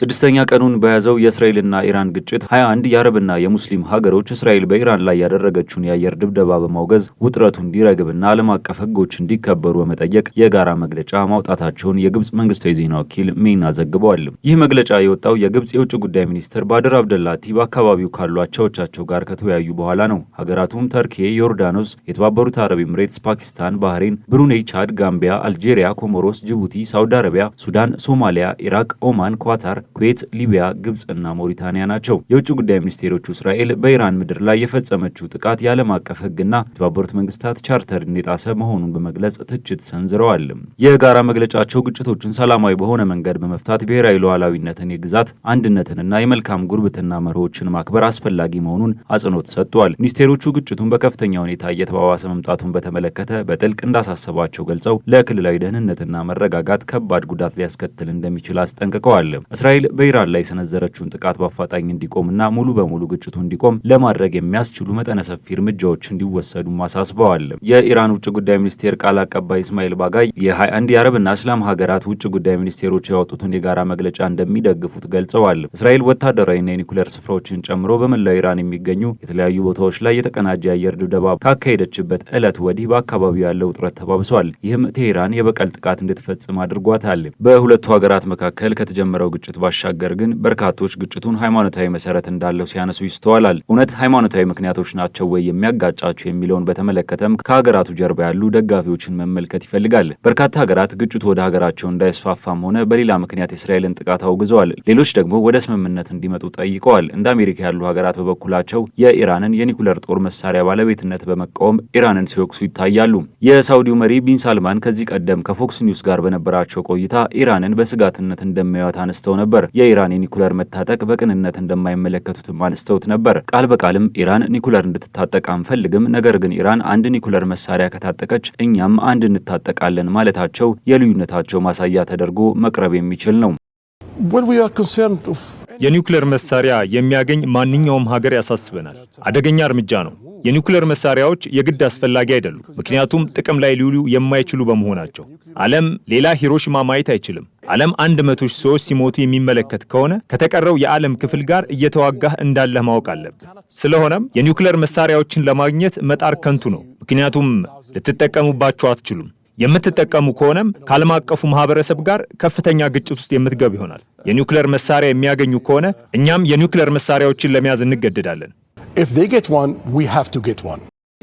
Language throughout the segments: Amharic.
ስድስተኛ ቀኑን በያዘው የእስራኤልና ኢራን ግጭት 21 የአረብና የሙስሊም ሀገሮች እስራኤል በኢራን ላይ ያደረገችውን የአየር ድብደባ በማውገዝ ውጥረቱ እንዲረግብና ዓለም አቀፍ ሕጎች እንዲከበሩ በመጠየቅ የጋራ መግለጫ ማውጣታቸውን የግብፅ መንግስታዊ ዜና ወኪል ሚና ዘግበዋል። ይህ መግለጫ የወጣው የግብፅ የውጭ ጉዳይ ሚኒስትር ባድር አብደላቲ በአካባቢው ካሉ አቻዎቻቸው ጋር ከተወያዩ በኋላ ነው። ሀገራቱም ተርኬ፣ ዮርዳኖስ፣ የተባበሩት አረብ ኤምሬትስ፣ ፓኪስታን፣ ባህሬን፣ ብሩኔይ፣ ቻድ፣ ጋምቢያ፣ አልጄሪያ፣ ኮሞሮስ፣ ጅቡቲ፣ ሳውዲ አረቢያ፣ ሱዳን፣ ሶማሊያ፣ ኢራቅ፣ ኦማን፣ ኳታር ኩዌት፣ ሊቢያ፣ እና ሞሪታንያ ናቸው። የውጭ ጉዳይ ሚኒስቴሮቹ እስራኤል በኢራን ምድር ላይ የፈጸመችው ጥቃት የዓለም አቀፍ ሕግና የተባበሩት መንግስታት ቻርተር እንደጣሰ መሆኑን በመግለጽ ትችት ሰንዝረዋል። የጋራ መግለጫቸው ግጭቶቹን ሰላማዊ በሆነ መንገድ በመፍታት ብሔራዊ ሉዓላዊነትን፣ የግዛት አንድነትንና የመልካም ጉርብትና መርሆችን ማክበር አስፈላጊ መሆኑን አጽንኦት ሰጥቷል። ሚኒስቴሮቹ ግጭቱን በከፍተኛ ሁኔታ እየተባባሰ መምጣቱን በተመለከተ በጥልቅ እንዳሳሰባቸው ገልጸው ለክልላዊ ደህንነትና መረጋጋት ከባድ ጉዳት ሊያስከትል እንደሚችል አስጠንቅቀዋል። እስራኤል በኢራን ላይ የሰነዘረችውን ጥቃት በአፋጣኝ እንዲቆምና ሙሉ በሙሉ ግጭቱ እንዲቆም ለማድረግ የሚያስችሉ መጠነ ሰፊ እርምጃዎች እንዲወሰዱም አሳስበዋል። የኢራን ውጭ ጉዳይ ሚኒስቴር ቃል አቀባይ እስማኤል ባጋይ የ21 የአረብና እስላም ሀገራት ውጭ ጉዳይ ሚኒስቴሮች ያወጡትን የጋራ መግለጫ እንደሚደግፉት ገልጸዋል። እስራኤል ወታደራዊና የኒኩሌር ስፍራዎችን ጨምሮ በመላው ኢራን የሚገኙ የተለያዩ ቦታዎች ላይ የተቀናጀ የአየር ድብደባ ካካሄደችበት ዕለት ወዲህ በአካባቢው ያለው ውጥረት ተባብሷል። ይህም ቴሄራን የበቀል ጥቃት እንድትፈጽም አድርጓታል። በሁለቱ ሀገራት መካከል ከተጀመረው ግጭት ባሻገር ግን በርካቶች ግጭቱን ሃይማኖታዊ መሰረት እንዳለው ሲያነሱ ይስተዋላል። እውነት ሃይማኖታዊ ምክንያቶች ናቸው ወይ የሚያጋጫቸው የሚለውን በተመለከተም ከሀገራቱ ጀርባ ያሉ ደጋፊዎችን መመልከት ይፈልጋል። በርካታ ሀገራት ግጭቱ ወደ ሀገራቸው እንዳይስፋፋም ሆነ በሌላ ምክንያት የእስራኤልን ጥቃት አውግዘዋል። ሌሎች ደግሞ ወደ ስምምነት እንዲመጡ ጠይቀዋል። እንደ አሜሪካ ያሉ ሀገራት በበኩላቸው የኢራንን የኒኩለር ጦር መሳሪያ ባለቤትነት በመቃወም ኢራንን ሲወቅሱ ይታያሉ። የሳውዲው መሪ ቢን ሳልማን ከዚህ ቀደም ከፎክስ ኒውስ ጋር በነበራቸው ቆይታ ኢራንን በስጋትነት እንደሚያዩት አነስተው ነበር። ነበር። የኢራን የኒኩለር መታጠቅ በቅንነት እንደማይመለከቱትም አንስተውት ነበር። ቃል በቃልም ኢራን ኒኩለር እንድትታጠቅ አንፈልግም፣ ነገር ግን ኢራን አንድ ኒኩለር መሳሪያ ከታጠቀች እኛም አንድ እንታጠቃለን ማለታቸው የልዩነታቸው ማሳያ ተደርጎ መቅረብ የሚችል ነው። የኒውክሌር መሳሪያ የሚያገኝ ማንኛውም ሀገር ያሳስበናል። አደገኛ እርምጃ ነው። የኒውክሌር መሳሪያዎች የግድ አስፈላጊ አይደሉም፣ ምክንያቱም ጥቅም ላይ ሊውሉ የማይችሉ በመሆናቸው። ዓለም ሌላ ሂሮሽማ ማየት አይችልም። ዓለም አንድ መቶ ሺህ ሰዎች ሲሞቱ የሚመለከት ከሆነ ከተቀረው የዓለም ክፍል ጋር እየተዋጋህ እንዳለህ ማወቅ አለብህ። ስለሆነም የኒውክሌር መሳሪያዎችን ለማግኘት መጣር ከንቱ ነው፣ ምክንያቱም ልትጠቀሙባቸው አትችሉም። የምትጠቀሙ ከሆነም ከዓለም አቀፉ ማህበረሰብ ጋር ከፍተኛ ግጭት ውስጥ የምትገቡ ይሆናል። የኒውክሌር መሳሪያ የሚያገኙ ከሆነ እኛም የኒውክሌር መሳሪያዎችን ለመያዝ እንገደዳለን።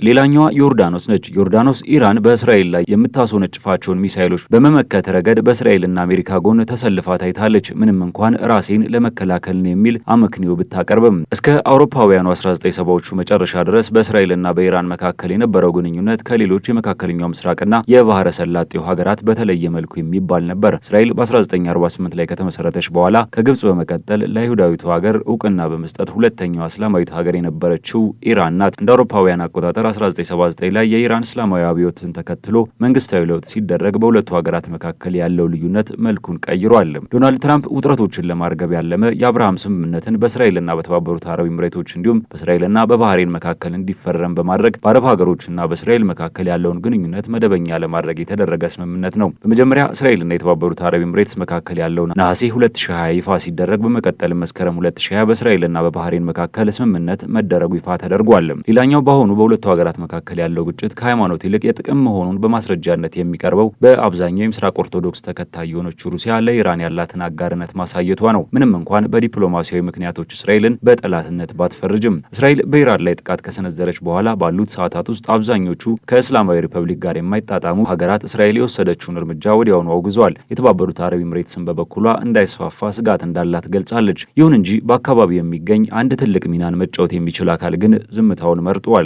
ሌላኛዋ ዮርዳኖስ ነች። ዮርዳኖስ ኢራን በእስራኤል ላይ የምታስወነጭፋቸውን ሚሳይሎች በመመከት ረገድ በእስራኤልና አሜሪካ ጎን ተሰልፋ ታይታለች። ምንም እንኳን ራሴን ለመከላከል ነው የሚል አመክንዮ ብታቀርብም እስከ አውሮፓውያኑ 1970ዎቹ መጨረሻ ድረስ በእስራኤልና በኢራን መካከል የነበረው ግንኙነት ከሌሎች የመካከለኛው ምስራቅና የባህረ ሰላጤው ሀገራት በተለየ መልኩ የሚባል ነበር። እስራኤል በ1948 ላይ ከተመሰረተች በኋላ ከግብጽ በመቀጠል ለይሁዳዊቱ ሀገር እውቅና በመስጠት ሁለተኛዋ እስላማዊት ሀገር የነበረችው ኢራን ናት። እንደ አውሮፓውያን አቆጣጠር 1979 ላይ የኢራን እስላማዊ አብዮትን ተከትሎ መንግስታዊ ለውጥ ሲደረግ በሁለቱ ሀገራት መካከል ያለው ልዩነት መልኩን ቀይሯል። ዶናልድ ትራምፕ ውጥረቶችን ለማርገብ ያለመ የአብርሃም ስምምነትን በእስራኤልና በተባበሩት አረብ ኤምሬቶች እንዲሁም በእስራኤልና በባህሬን መካከል እንዲፈረም በማድረግ በአረብ ሀገሮችና በእስራኤል መካከል ያለውን ግንኙነት መደበኛ ለማድረግ የተደረገ ስምምነት ነው። በመጀመሪያ እስራኤልና የተባበሩት አረብ ኤምሬትስ መካከል ያለው ነሐሴ 2020 ይፋ ሲደረግ በመቀጠል መስከረም 2020 በእስራኤልና በባህሬን መካከል ስምምነት መደረጉ ይፋ ተደርጓል። ሌላኛው በአሁኑ በሁለቱ ሀገራት መካከል ያለው ግጭት ከሃይማኖት ይልቅ የጥቅም መሆኑን በማስረጃነት የሚቀርበው በአብዛኛው የምስራቅ ኦርቶዶክስ ተከታይ የሆነችው ሩሲያ ለኢራን ያላትን አጋርነት ማሳየቷ ነው። ምንም እንኳን በዲፕሎማሲያዊ ምክንያቶች እስራኤልን በጠላትነት ባትፈርጅም እስራኤል በኢራን ላይ ጥቃት ከሰነዘረች በኋላ ባሉት ሰዓታት ውስጥ አብዛኞቹ ከእስላማዊ ሪፐብሊክ ጋር የማይጣጣሙ ሀገራት እስራኤል የወሰደችውን እርምጃ ወዲያውኑ አውግዘዋል። የተባበሩት አረብ ኤምሬትስን በበኩሏ እንዳይስፋፋ ስጋት እንዳላት ገልጻለች። ይሁን እንጂ በአካባቢው የሚገኝ አንድ ትልቅ ሚናን መጫወት የሚችል አካል ግን ዝምታውን መርጧል።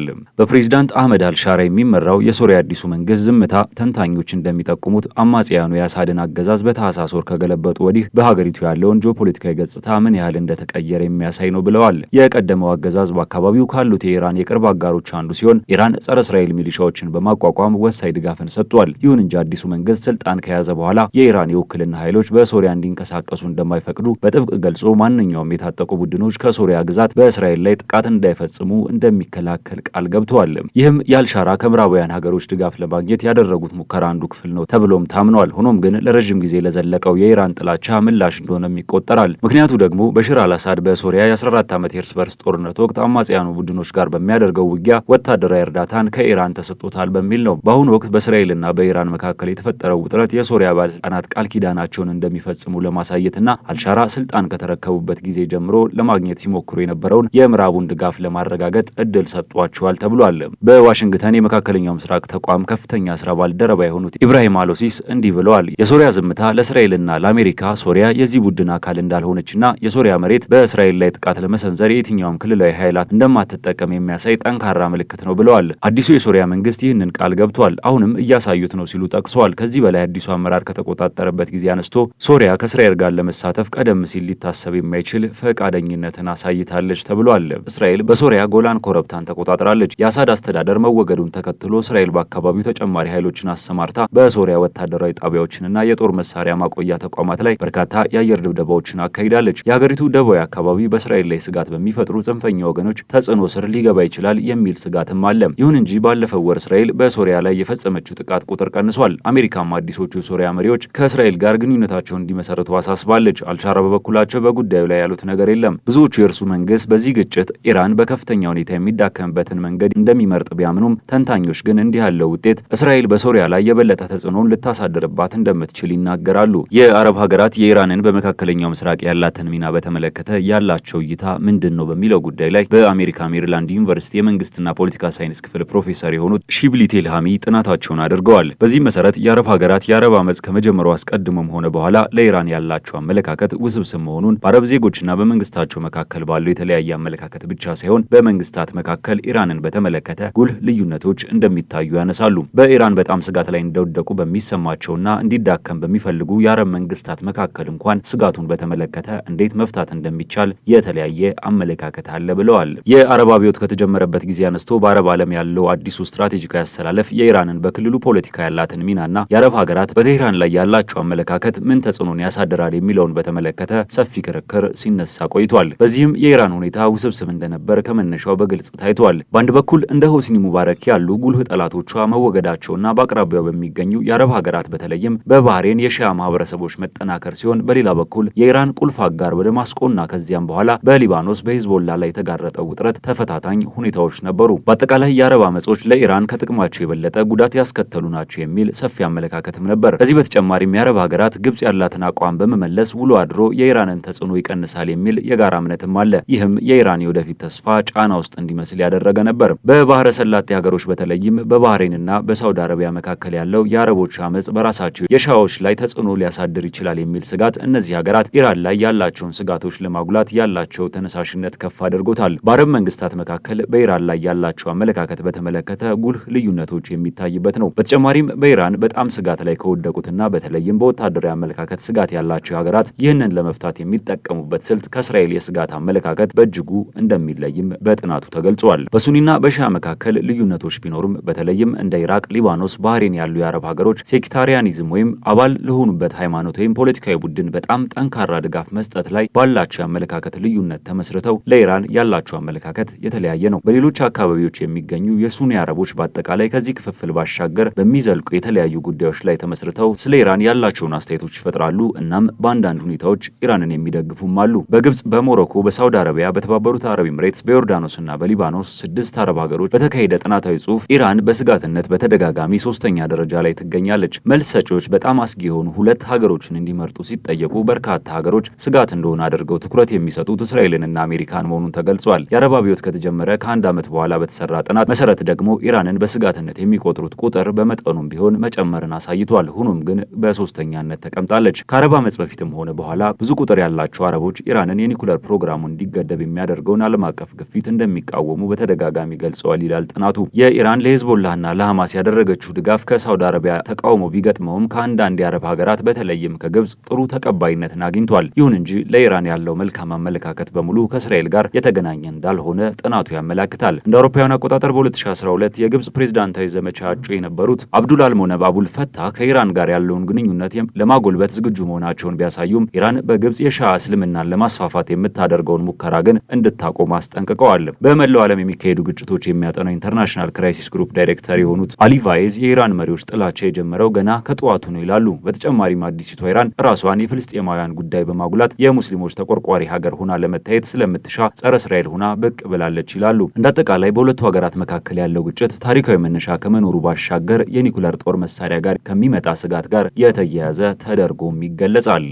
በፕሬዚዳንት አህመድ አልሻራ የሚመራው የሶሪያ አዲሱ መንግስት ዝምታ ተንታኞች እንደሚጠቁሙት አማጽያኑ የአሳድን አገዛዝ በታህሳስ ወር ከገለበጡ ወዲህ በሀገሪቱ ያለውን ጂኦፖለቲካዊ ገጽታ ምን ያህል እንደተቀየረ የሚያሳይ ነው ብለዋል። የቀደመው አገዛዝ በአካባቢው ካሉት የኢራን የቅርብ አጋሮች አንዱ ሲሆን ኢራን ጸረ እስራኤል ሚሊሻዎችን በማቋቋም ወሳኝ ድጋፍን ሰጥቷል። ይሁን እንጂ አዲሱ መንግስት ስልጣን ከያዘ በኋላ የኢራን የውክልና ኃይሎች በሶሪያ እንዲንቀሳቀሱ እንደማይፈቅዱ በጥብቅ ገልጾ ማንኛውም የታጠቁ ቡድኖች ከሶሪያ ግዛት በእስራኤል ላይ ጥቃት እንዳይፈጽሙ እንደሚከላከል ቃል ገብቷል። አድርገዋል። ይህም የአልሻራ ከምዕራባውያን ሀገሮች ድጋፍ ለማግኘት ያደረጉት ሙከራ አንዱ ክፍል ነው ተብሎም ታምኗል። ሆኖም ግን ለረዥም ጊዜ ለዘለቀው የኢራን ጥላቻ ምላሽ እንደሆነም ይቆጠራል። ምክንያቱ ደግሞ በሽር አልአሳድ በሶሪያ የ14 ዓመት የእርስ በርስ ጦርነት ወቅት አማጽያኑ ቡድኖች ጋር በሚያደርገው ውጊያ ወታደራዊ እርዳታን ከኢራን ተሰጥቶታል በሚል ነው። በአሁኑ ወቅት በእስራኤልና በኢራን መካከል የተፈጠረው ውጥረት የሶሪያ ባለስልጣናት ቃል ኪዳናቸውን እንደሚፈጽሙ ለማሳየትና አልሻራ ስልጣን ከተረከቡበት ጊዜ ጀምሮ ለማግኘት ሲሞክሩ የነበረውን የምዕራቡን ድጋፍ ለማረጋገጥ እድል ሰጥቷቸዋል ተብሏል። አድርጓል። በዋሽንግተን የመካከለኛው ምስራቅ ተቋም ከፍተኛ ስራ ባልደረባ የሆኑት ኢብራሂም አሎሲስ እንዲህ ብለዋል። የሶሪያ ዝምታ ለእስራኤልና ለአሜሪካ ሶሪያ የዚህ ቡድን አካል እንዳልሆነችና የሶሪያ መሬት በእስራኤል ላይ ጥቃት ለመሰንዘር የትኛውም ክልላዊ ኃይላት እንደማትጠቀም የሚያሳይ ጠንካራ ምልክት ነው ብለዋል። አዲሱ የሶሪያ መንግስት ይህንን ቃል ገብቷል፣ አሁንም እያሳዩት ነው ሲሉ ጠቅሰዋል። ከዚህ በላይ አዲሱ አመራር ከተቆጣጠረበት ጊዜ አነስቶ ሶሪያ ከእስራኤል ጋር ለመሳተፍ ቀደም ሲል ሊታሰብ የማይችል ፈቃደኝነትን አሳይታለች ተብሏል። እስራኤል በሶሪያ ጎላን ኮረብታን ተቆጣጥራለች። የአሳድ አስተዳደር መወገዱን ተከትሎ እስራኤል በአካባቢው ተጨማሪ ኃይሎችን አሰማርታ በሶሪያ ወታደራዊ ጣቢያዎችንና የጦር መሳሪያ ማቆያ ተቋማት ላይ በርካታ የአየር ድብደባዎችን አካሂዳለች። የሀገሪቱ ደቡባዊ አካባቢ በእስራኤል ላይ ስጋት በሚፈጥሩ ጽንፈኛ ወገኖች ተጽዕኖ ስር ሊገባ ይችላል የሚል ስጋትም አለ። ይሁን እንጂ ባለፈው ወር እስራኤል በሶሪያ ላይ የፈጸመችው ጥቃት ቁጥር ቀንሷል። አሜሪካም አዲሶቹ የሶሪያ መሪዎች ከእስራኤል ጋር ግንኙነታቸውን እንዲመሰርቱ አሳስባለች። አልሻራ በበኩላቸው በጉዳዩ ላይ ያሉት ነገር የለም። ብዙዎቹ የእርሱ መንግስት በዚህ ግጭት ኢራን በከፍተኛ ሁኔታ የሚዳከምበትን መንገድ እንደ እንደሚመርጥ ቢያምኑም ተንታኞች ግን እንዲህ ያለው ውጤት እስራኤል በሶሪያ ላይ የበለጠ ተጽዕኖን ልታሳድርባት እንደምትችል ይናገራሉ። የአረብ ሀገራት የኢራንን በመካከለኛው ምስራቅ ያላትን ሚና በተመለከተ ያላቸው እይታ ምንድን ነው በሚለው ጉዳይ ላይ በአሜሪካ ሜሪላንድ ዩኒቨርሲቲ የመንግስትና ፖለቲካ ሳይንስ ክፍል ፕሮፌሰር የሆኑት ሺብሊ ቴልሃሚ ጥናታቸውን አድርገዋል። በዚህም መሰረት የአረብ ሀገራት የአረብ አመፅ ከመጀመሩ አስቀድሞም ሆነ በኋላ ለኢራን ያላቸው አመለካከት ውስብስብ መሆኑን በአረብ ዜጎችና በመንግስታቸው መካከል ባለው የተለያየ አመለካከት ብቻ ሳይሆን በመንግስታት መካከል ኢራንን በተመለከተ በተመለከተ ጉልህ ልዩነቶች እንደሚታዩ ያነሳሉ። በኢራን በጣም ስጋት ላይ እንደወደቁ በሚሰማቸውና እንዲዳከም በሚፈልጉ የአረብ መንግስታት መካከል እንኳን ስጋቱን በተመለከተ እንዴት መፍታት እንደሚቻል የተለያየ አመለካከት አለ ብለዋል። የአረብ አብዮት ከተጀመረበት ጊዜ አነስቶ በአረብ ዓለም ያለው አዲሱ ስትራቴጂካዊ አሰላለፍ የኢራንን በክልሉ ፖለቲካ ያላትን ሚናና የአረብ ሀገራት በቴህራን ላይ ያላቸው አመለካከት ምን ተጽዕኖን ያሳድራል የሚለውን በተመለከተ ሰፊ ክርክር ሲነሳ ቆይቷል። በዚህም የኢራን ሁኔታ ውስብስብ እንደነበር ከመነሻው በግልጽ ታይቷል። በአንድ በኩል እንደ ሆስኒ ሙባረክ ያሉ ጉልህ ጠላቶቿ መወገዳቸውና በአቅራቢያው በሚገኙ የአረብ ሀገራት በተለይም በባህሬን የሺያ ማህበረሰቦች መጠናከር ሲሆን፣ በሌላ በኩል የኢራን ቁልፍ አጋር በደማስቆና ከዚያም በኋላ በሊባኖስ በሂዝቦላ ላይ የተጋረጠው ውጥረት ተፈታታኝ ሁኔታዎች ነበሩ። በአጠቃላይ የአረብ አመጾች ለኢራን ከጥቅማቸው የበለጠ ጉዳት ያስከተሉ ናቸው የሚል ሰፊ አመለካከትም ነበር። ከዚህ በተጨማሪም የአረብ ሀገራት ግብጽ ያላትን አቋም በመመለስ ውሎ አድሮ የኢራንን ተጽዕኖ ይቀንሳል የሚል የጋራ እምነትም አለ። ይህም የኢራን የወደፊት ተስፋ ጫና ውስጥ እንዲመስል ያደረገ ነበር። በባህረ ሰላጤ ሀገሮች በተለይም በባህሬንና በሳውዲ አረቢያ መካከል ያለው የአረቦች አመፅ በራሳቸው የሻዎች ላይ ተጽዕኖ ሊያሳድር ይችላል የሚል ስጋት እነዚህ ሀገራት ኢራን ላይ ያላቸውን ስጋቶች ለማጉላት ያላቸው ተነሳሽነት ከፍ አድርጎታል። በአረብ መንግስታት መካከል በኢራን ላይ ያላቸው አመለካከት በተመለከተ ጉልህ ልዩነቶች የሚታይበት ነው። በተጨማሪም በኢራን በጣም ስጋት ላይ ከወደቁትና በተለይም በወታደራዊ አመለካከት ስጋት ያላቸው ሀገራት ይህንን ለመፍታት የሚጠቀሙበት ስልት ከእስራኤል የስጋት አመለካከት በእጅጉ እንደሚለይም በጥናቱ ተገልጿል። በሱኒና በሻ መካከል ልዩነቶች ቢኖሩም በተለይም እንደ ኢራቅ፣ ሊባኖስ፣ ባህሬን ያሉ የአረብ ሀገሮች ሴክታሪያኒዝም ወይም አባል ለሆኑበት ሃይማኖት ወይም ፖለቲካዊ ቡድን በጣም ጠንካራ ድጋፍ መስጠት ላይ ባላቸው የአመለካከት ልዩነት ተመስርተው ለኢራን ያላቸው አመለካከት የተለያየ ነው። በሌሎች አካባቢዎች የሚገኙ የሱኒ አረቦች በአጠቃላይ ከዚህ ክፍፍል ባሻገር በሚዘልቁ የተለያዩ ጉዳዮች ላይ ተመስርተው ስለ ኢራን ያላቸውን አስተያየቶች ይፈጥራሉ። እናም በአንዳንድ ሁኔታዎች ኢራንን የሚደግፉም አሉ። በግብጽ፣ በሞሮኮ፣ በሳውዲ አረቢያ፣ በተባበሩት አረብ ኤምሬትስ፣ በዮርዳኖስ እና በሊባኖስ ስድስት አረብ ሀገሮች ሀገሮች በተካሄደ ጥናታዊ ጽሁፍ ኢራን በስጋትነት በተደጋጋሚ ሶስተኛ ደረጃ ላይ ትገኛለች። መልስ ሰጪዎች በጣም አስጊ የሆኑ ሁለት ሀገሮችን እንዲመርጡ ሲጠየቁ በርካታ ሀገሮች ስጋት እንደሆነ አድርገው ትኩረት የሚሰጡት እስራኤልንና አሜሪካን መሆኑን ተገልጿል። የአረብ አብዮት ከተጀመረ ከአንድ ዓመት በኋላ በተሰራ ጥናት መሰረት ደግሞ ኢራንን በስጋትነት የሚቆጥሩት ቁጥር በመጠኑም ቢሆን መጨመርን አሳይቷል። ሆኖም ግን በሶስተኛነት ተቀምጣለች። ከአረብ ዓመፅ በፊትም ሆነ በኋላ ብዙ ቁጥር ያላቸው አረቦች ኢራንን የኒኩለር ፕሮግራሙ እንዲገደብ የሚያደርገውን ዓለም አቀፍ ግፊት እንደሚቃወሙ በተደጋጋሚ ገልጸዋል። ገልጸዋል ይላል ጥናቱ። የኢራን ለሄዝቦላና ለሐማስ ያደረገችው ድጋፍ ከሳውዲ አረቢያ ተቃውሞ ቢገጥመውም ከአንዳንድ የአረብ ሀገራት በተለይም ከግብጽ ጥሩ ተቀባይነትን አግኝቷል። ይሁን እንጂ ለኢራን ያለው መልካም አመለካከት በሙሉ ከእስራኤል ጋር የተገናኘ እንዳልሆነ ጥናቱ ያመላክታል። እንደ አውሮፓውያን አቆጣጠር በ2012 የግብጽ ፕሬዚዳንታዊ ዘመቻ እጩ የነበሩት አብዱል አልሞነብ አቡል ፈታ ከኢራን ጋር ያለውን ግንኙነት ለማጎልበት ዝግጁ መሆናቸውን ቢያሳዩም ኢራን በግብጽ የሻ እስልምናን ለማስፋፋት የምታደርገውን ሙከራ ግን እንድታቆም አስጠንቅቀዋል። በመላው ዓለም የሚካሄዱ ግጭቶች የሚያጠናው ኢንተርናሽናል ክራይሲስ ግሩፕ ዳይሬክተር የሆኑት አሊ ቫይዝ የኢራን መሪዎች ጥላቻ የጀመረው ገና ከጠዋቱ ነው ይላሉ። በተጨማሪም አዲሲቷ ኢራን ራሷን የፍልስጤማውያን ጉዳይ በማጉላት የሙስሊሞች ተቆርቋሪ ሀገር ሆና ለመታየት ስለምትሻ ጸረ እስራኤል ሆና ብቅ ብላለች ይላሉ። እንደ አጠቃላይ በሁለቱ ሀገራት መካከል ያለው ግጭት ታሪካዊ መነሻ ከመኖሩ ባሻገር የኒኩለር ጦር መሳሪያ ጋር ከሚመጣ ስጋት ጋር የተያያዘ ተደርጎም ይገለጻል።